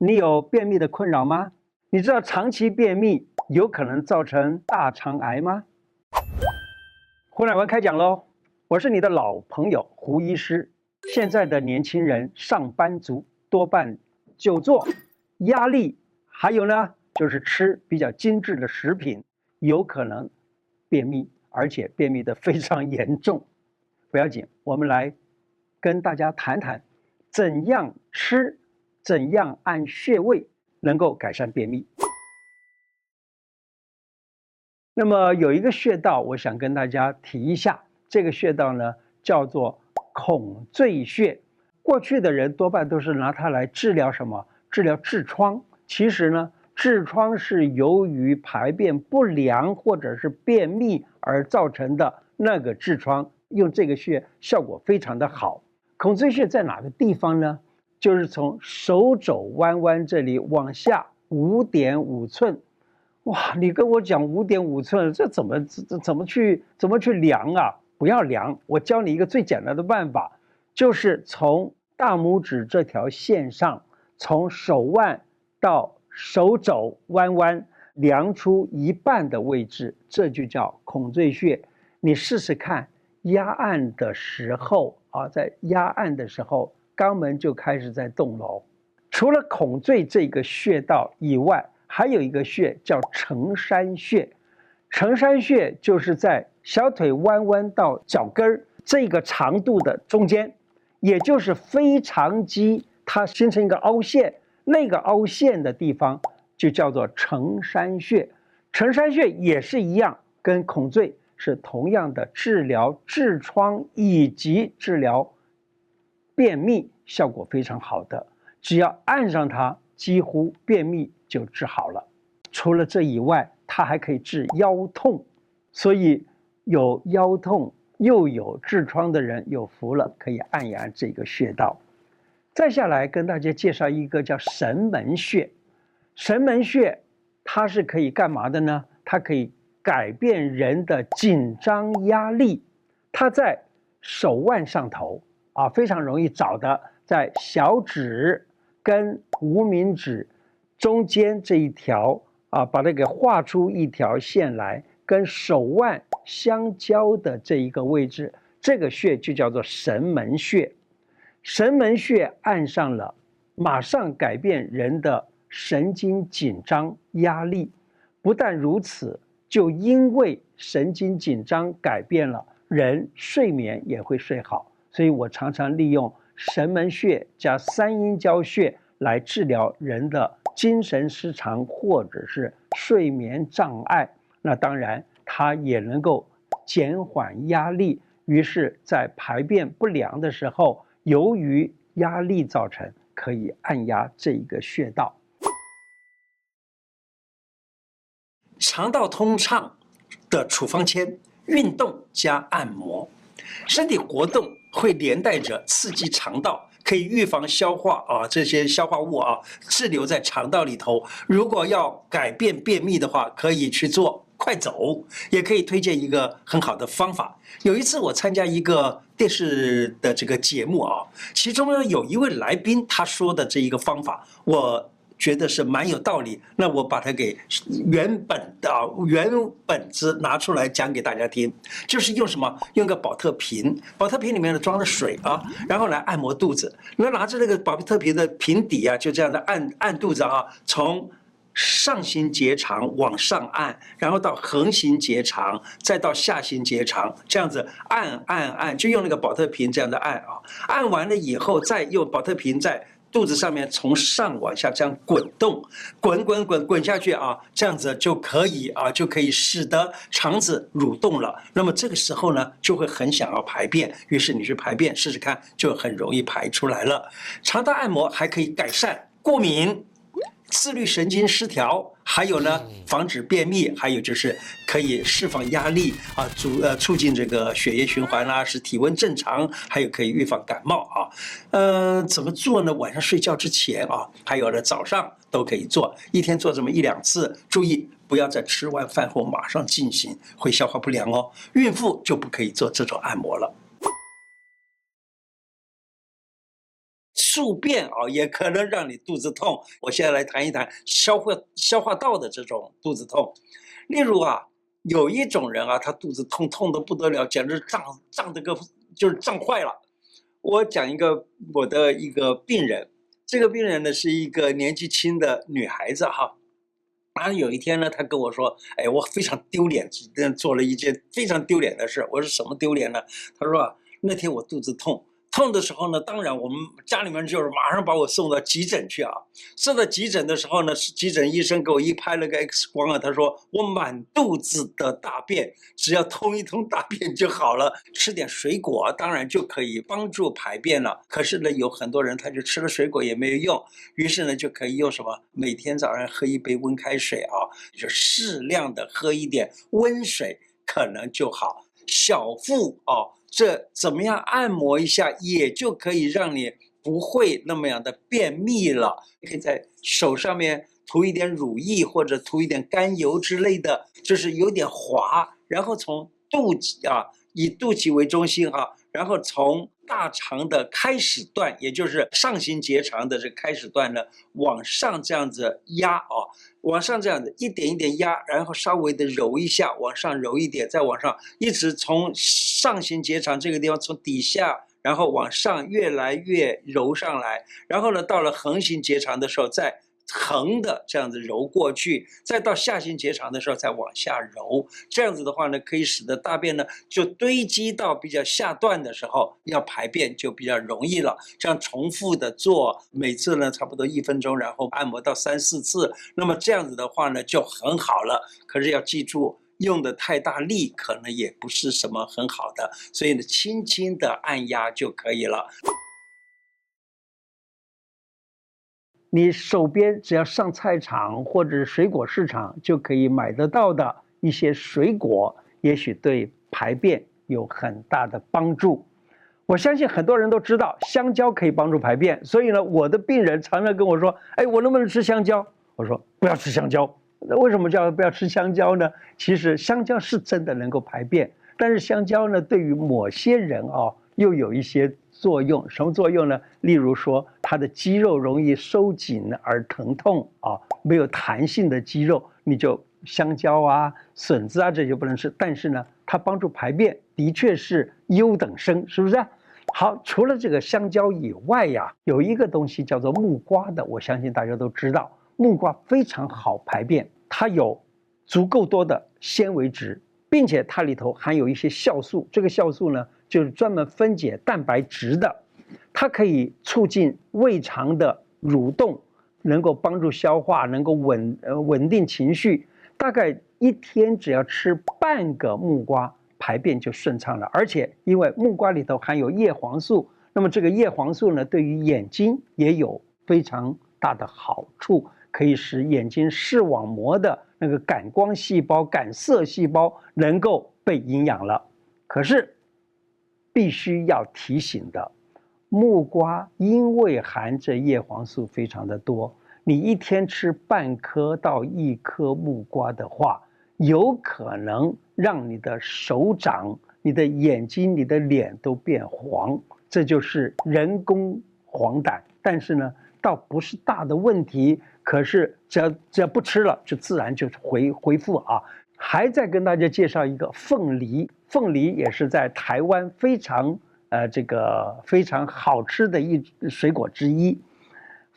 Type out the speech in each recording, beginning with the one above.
你有便秘的困擾嗎？你知道長期便秘有可能造成大腸癌嗎？胡乃文開講嘍！我是你的老朋友胡醫師。現在的年輕人，上班族多半久坐、壓力，還有呢，就是吃比較精致的食品，有可能便秘，而且便秘得非常嚴重。不要緊，我們來跟大家談談怎樣吃。怎樣按穴位能夠改善便秘？那麼有一個穴道，我想跟大家提一下。這個穴道呢，叫做孔最穴。過去的人多半都是拿它來治療什麼？治療痔瘡。其實呢，痔瘡是由於排便不良或者是便秘而造成的那個痔瘡，用這個穴效果非常的好。孔最穴在哪個地方呢？就是從手肘彎彎這裡往下五點五寸。哇！你跟我講五點五寸，這怎麼這這怎麼去怎麼去量啊？不要量，我教你一個最簡單的辦法，就是從大拇指這條線上，從手腕到手肘彎彎量出一半的位置，這就叫孔最穴。你試試看，壓按的時候啊，在壓按的時候。肛門就開始在動了。除了孔最這個穴道以外，還有一個穴叫承山穴。承山穴就是在小腿彎彎到腳跟兒這個長度的中間，也就是腓腸肌它形成一個凹陷，那個凹陷的地方就叫做承山穴。承山穴也是一樣，跟孔最是同樣的治療痔瘡以及治療。便秘效果非常好的，只要按上它，幾乎便秘就治好了。除了這以外，它還可以治腰痛，所以有腰痛又有痔瘡的人有福了，可以按一按這個穴道。再下來跟大家介紹一個叫神門穴，神門穴它是可以幹嘛的呢？它可以改變人的緊張壓力，它在手腕上頭。啊，非常容易找的，在小指跟無名指中間這一條啊，把它給畫出一條線來，跟手腕相交的這一個位置，這個穴就叫做神門穴。神門穴按上了，馬上改變人的神經緊張壓力。不但如此，就因為神經緊張改變了人，人睡眠也會睡好。所以我常常利用神門穴加三陰交穴來治療人的精神失常或者是睡眠障礙。那當然，它也能夠減緩壓力。於是，在排便不良的時候，由於壓力造成，可以按壓這一個穴道。腸道通暢的處方籤：運動加按摩。身體活動會連帶着刺激腸道，可以預防消化啊，這些消化物啊滯留在腸道裡頭。如果要改變便秘的話，可以去做快走，也可以推薦一個很好的方法。有一次我參加一個電視的這個節目啊，其中呢有一位來賓他說的這一個方法，我。覺得是蠻有道理，那我把它給原本的，哦、原本子拿出來講給大家聽，就是用什麼？用個寶特瓶，寶特瓶裡面呢裝的水啊，然後來按摩肚子。那拿着那個寶特瓶的瓶底啊，就這樣的按按肚子啊，從上行結腸往上按，然後到橫行結腸，再到下行結腸，這樣子按按按，按，就用那個寶特瓶這樣的按啊。按完了以後，再用寶特瓶再肚子上面從上往下這樣滾動，滾滾滾滾下去啊，這樣子就可以啊，就可以使得腸子蠕動了。那麼這個時候呢，就會很想要排便，於是你去排便試試看，就很容易排出來了。腸道按摩還可以改善過敏。自律神經失調，還有呢，防止便秘，還有就是可以釋放壓力啊，促呃促進這個血液循環啦、啊，使體溫正常，還有可以預防感冒啊。呃怎麼做呢？晚上睡覺之前啊，還有呢，早上都可以做，一天做這麼一兩次，注意不要在吃完飯後馬上進行，會消化不良哦。孕婦就不可以做這種按摩了。宿便啊，也可能讓你肚子痛。我現在來談一談消化消化道的這種肚子痛。例如啊，有一種人啊，他肚子痛痛得不得了，簡直脹脹的個就是脹壞了。我講一個我的一個病人，這個病人呢是一個年紀輕的女孩子哈、啊。然、啊、有一天呢，他跟我說：“哎，我非常丟臉，今天做了一件非常丟臉的事。”我說：“什麼丟臉呢？”他說、啊：“那天我肚子痛。”痛的時候呢，當然我們家裡面就是馬上把我送到急診去啊。送到急診的時候呢，急診醫生給我一拍了個 X 光啊，他說我滿肚子的大便，只要通一通大便就好了，吃點水果當然就可以幫助排便了。可是呢，有很多人他就吃了水果也沒有用，於是呢就可以用什麼？每天早上喝一杯溫開水啊，就適量的喝一點溫水，可能就好。小腹哦、啊，這怎麼樣按摩一下，也就可以讓你不會那麼樣的便秘了。你可以在手上面塗一點乳液或者塗一點甘油之類的，就是有點滑，然後從肚臍啊，以肚臍為中心哈、啊，然後從。大腸的開始段，也就是上行結腸的這個開始段呢，往上這樣子壓啊、哦，往上這樣子一點一點壓，然後稍微的揉一下，往上揉一點，再往上，一直從上行結腸這個地方從底下，然後往上越來越揉上來，然後呢，到了橫行結腸的時候再。橫的這樣子揉過去，再到下行結腸的時候再往下揉，這樣子的話呢，可以使得大便呢就堆積到比較下段的時候，要排便就比較容易了。這樣重複的做，每次呢差不多一分鐘，然後按摩到三四次，那麼這樣子的話呢就很好了。可是要記住，用的太大力可能也不是什麼很好的，所以呢輕輕的按壓就可以了。你手邊只要上菜場或者水果市場就可以買得到的一些水果，也許對排便有很大的幫助。我相信很多人都知道香蕉可以幫助排便，所以呢，我的病人常常跟我說：“哎，我能不能吃香蕉？”我說：“不要吃香蕉。”那為什麼叫不要吃香蕉呢？其實香蕉是真的能夠排便，但是香蕉呢，對於某些人哦，又有一些。作用什麼作用呢？例如說，它的肌肉容易收緊而疼痛啊，沒有彈性的肌肉，你就香蕉啊、筍子啊這些不能吃。但是呢，它幫助排便，的確是優等生，是不是？好，除了這個香蕉以外呀，有一個東西叫做木瓜的，我相信大家都知道，木瓜非常好排便，它有足夠多的纖維質，并且它裡頭含有一些酵素，這個酵素呢。就是專門分解蛋白質的，它可以促進胃腸的蠕動，能夠幫助消化，能夠穩呃穩定情緒。大概一天只要吃半個木瓜，排便就順暢了。而且因為木瓜裡頭含有葉黃素，那麼這個葉黃素呢，對於眼睛也有非常大的好處，可以使眼睛視網膜的那個感光細胞、感色細胞能夠被營養了。可是。必須要提醒的，木瓜因為含着葉黃素非常的多，你一天吃半顆到一顆木瓜的話，有可能讓你的手掌、你的眼睛、你的臉都變黃，這就是人工黃疸。但是呢，倒不是大的問題。可是只要只要不吃了，就自然就回恢復啊。還再跟大家介紹一個鳳梨。鳳梨也是在台灣非常呃，這個非常好吃的一水果之一。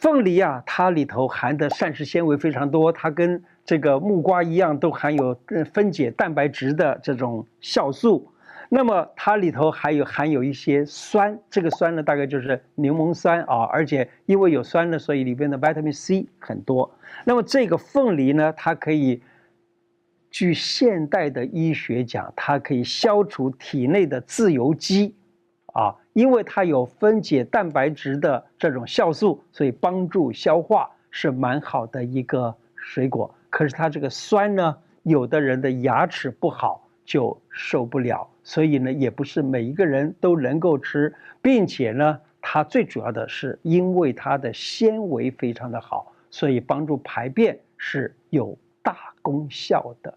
鳳梨啊，它裡頭含的膳食纖維非常多，它跟這個木瓜一樣，都含有分解蛋白質的這種酵素。那麼它裡頭還有含有一些酸，這個酸呢，大概就是檸檬酸啊，而且因為有酸呢，所以裡邊的 vitamin C 很多。那麼這個鳳梨呢，它可以。據現代的醫學講，它可以消除體內的自由基，啊，因為它有分解蛋白質的這種酵素，所以幫助消化是蠻好的一個水果。可是它這個酸呢，有的人的牙齒不好就受不了，所以呢，也不是每一個人都能夠吃，並且呢，它最主要的是因為它的纖維非常的好，所以幫助排便是有大功效的。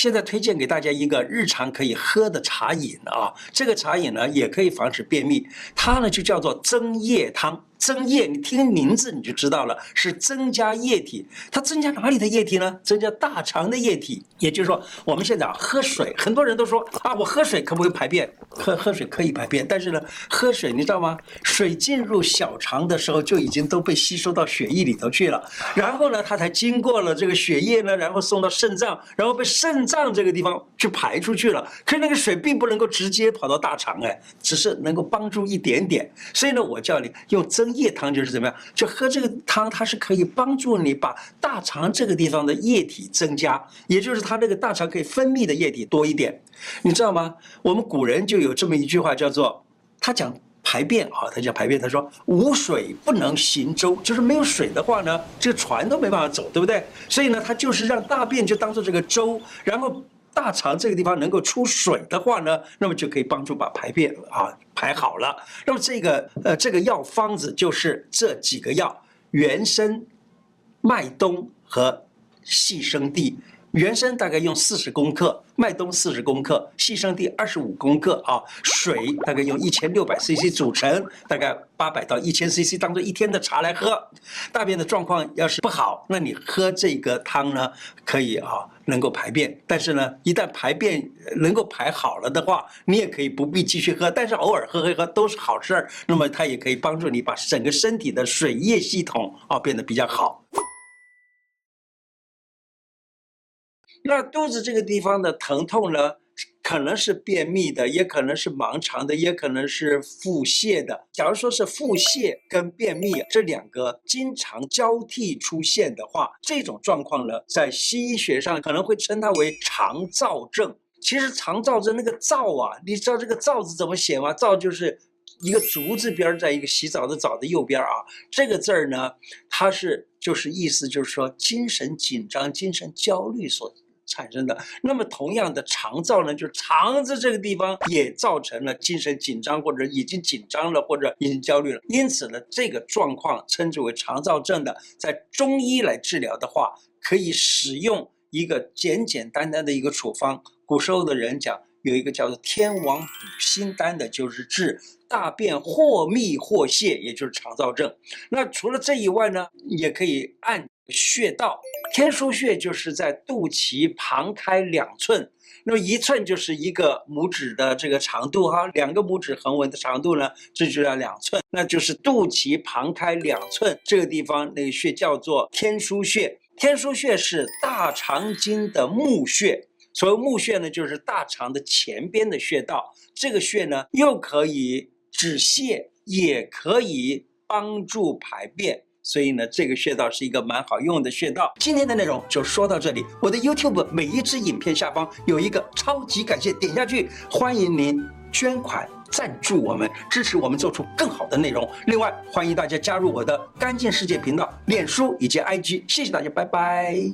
現在推薦給大家一個日常可以喝的茶飲啊，這個茶飲呢，也可以防止便秘，它呢，就叫做增液湯。增液，你聽名字你就知道了，是增加液體。它增加哪裡的液體呢？增加大腸的液體。也就是說，我們現在啊，喝水，很多人都說啊，我喝水可不可以排便？喝喝水可以排便，但是呢，喝水你知道嗎？水進入小腸的時候就已經都被吸收到血液裡頭去了，然後呢，它才經過了這個血液呢，然後送到腎臟，然後被腎臟這個地方去排出去了。可是那個水並不能夠直接跑到大腸哎，只是能夠幫助一點點。所以呢，我叫你用增。液湯就是怎麼樣？就喝這個湯，它是可以幫助你把大腸這個地方的液體增加，也就是它這個大腸可以分泌的液體多一點，你知道嗎？我們古人就有這麼一句話叫做，他講排便啊，他講排便，他，哦，說無水不能行舟，就是沒有水的話呢，這個船都沒辦法走，對不對？所以呢，他就是讓大便就當做這個舟，然後大腸這個地方能夠出水的話呢，那麼就可以幫助把排便啊。還好了，那麼這個呃，這個藥方子就是這幾個藥：元參、麥冬和細生地。原參大概用四十公克，麥冬四十公克，細生地二十五公克啊，水大概用一千六百 cc 組成，大概八百到一千 cc 當做一天的茶來喝。大便的狀況要是不好，那你喝這個湯呢，可以啊，能夠排便。但是呢，一旦排便能夠排好了的話，你也可以不必繼續喝。但是偶爾喝喝喝都是好事兒。那麼它也可以幫助你把整個身體的水液系統啊變得比較好。那肚子這個地方的疼痛呢，可能是便秘的，也可能是盲腸的，也可能是腹瀉的。假如說是腹瀉跟便秘這兩個經常交替出現的話，這種狀況呢，在西醫學上可能會稱它為腸躁症。其實腸躁症那個躁啊，你知道這個躁字怎麼寫嗎？躁就是一個足字邊兒，在一個洗澡的澡的右邊啊。這個字兒呢，它是就是意思就是說精神緊張、精神焦慮所產生的，那麼同樣的腸躁呢，就是腸子這個地方也造成了精神緊張，或者已經緊張了，或者已經焦慮了。因此呢，這個狀況稱之為腸躁症的，在中醫來治療的話，可以使用一個簡簡單單的一個處方。古時候的人講，有一個叫做天王補心丹的，就是治大便或秘或瀉，也就是腸躁症。那除了這以外呢，也可以按穴道。天樞穴就是在肚臍旁開兩寸，那麼一寸就是一個拇指的這個長度哈，兩個拇指橫紋的長度呢，這就叫兩寸，那就是肚臍旁開兩寸這個地方，那個穴叫做天樞穴。天樞穴是大腸經的募穴，所謂募穴呢，就是大腸的前邊的穴道。這個穴呢，又可以止瀉，也可以幫助排便。所以呢，這個穴道是一個蠻好用的穴道。今天的內容就說到這裡。我的 YouTube 每一支影片下方有一個超級感謝，點下去。歡迎您捐款贊助我們，支持我們做出更好的內容。另外，歡迎大家加入我的乾淨世界頻道、臉書以及 IG。謝謝大家，拜拜。